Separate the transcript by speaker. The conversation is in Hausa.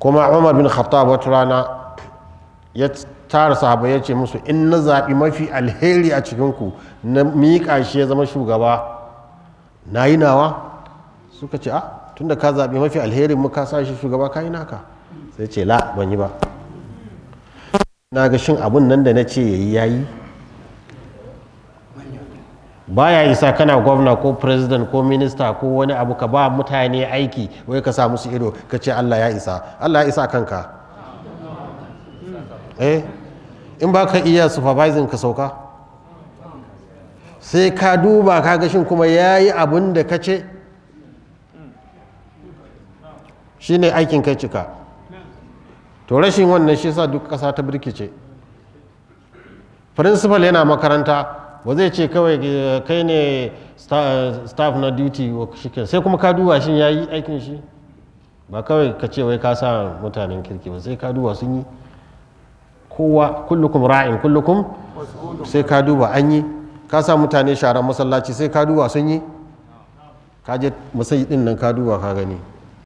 Speaker 1: kuma umar bin khattab wata rana ya tara sahaba ya ce musu in na zaɓi mafi alheri a cikinku na miƙa shi ya zama shugaba na yi nawa suka ce a ah, tunda ka zaɓi mafi alheri ka sa shi shugaba ka yi naka sai ce la ban yi ba na ga shin abun nan da na ce ya yi ya yi baya isa kana gwamna ko president ko minista ko wani abu ka ba mutane aiki wai ka sa musu ido ka ce Allah ya isa Allah ya isa kanka eh in ba ka iya supervising ka sauka sai ka duba ka gashin kuma ya yi abin da ka ce shi ne aikin kai cika to rashin wannan shi sa duk ƙasa ta birkice principal yana makaranta ba zai ce kawai eh, kai ne staff na duty shikin sai kuma ka duba shi ya yi aikin shi ba kawai ka ce wai ka sa mutanen kirki ba sai ka duba sun yi kowa kullukum ra'in kullukum sai ka duba an yi ka sa mutane sharan masallaci sai ka duba sun yi ka je masayi din nan ka duba ka gani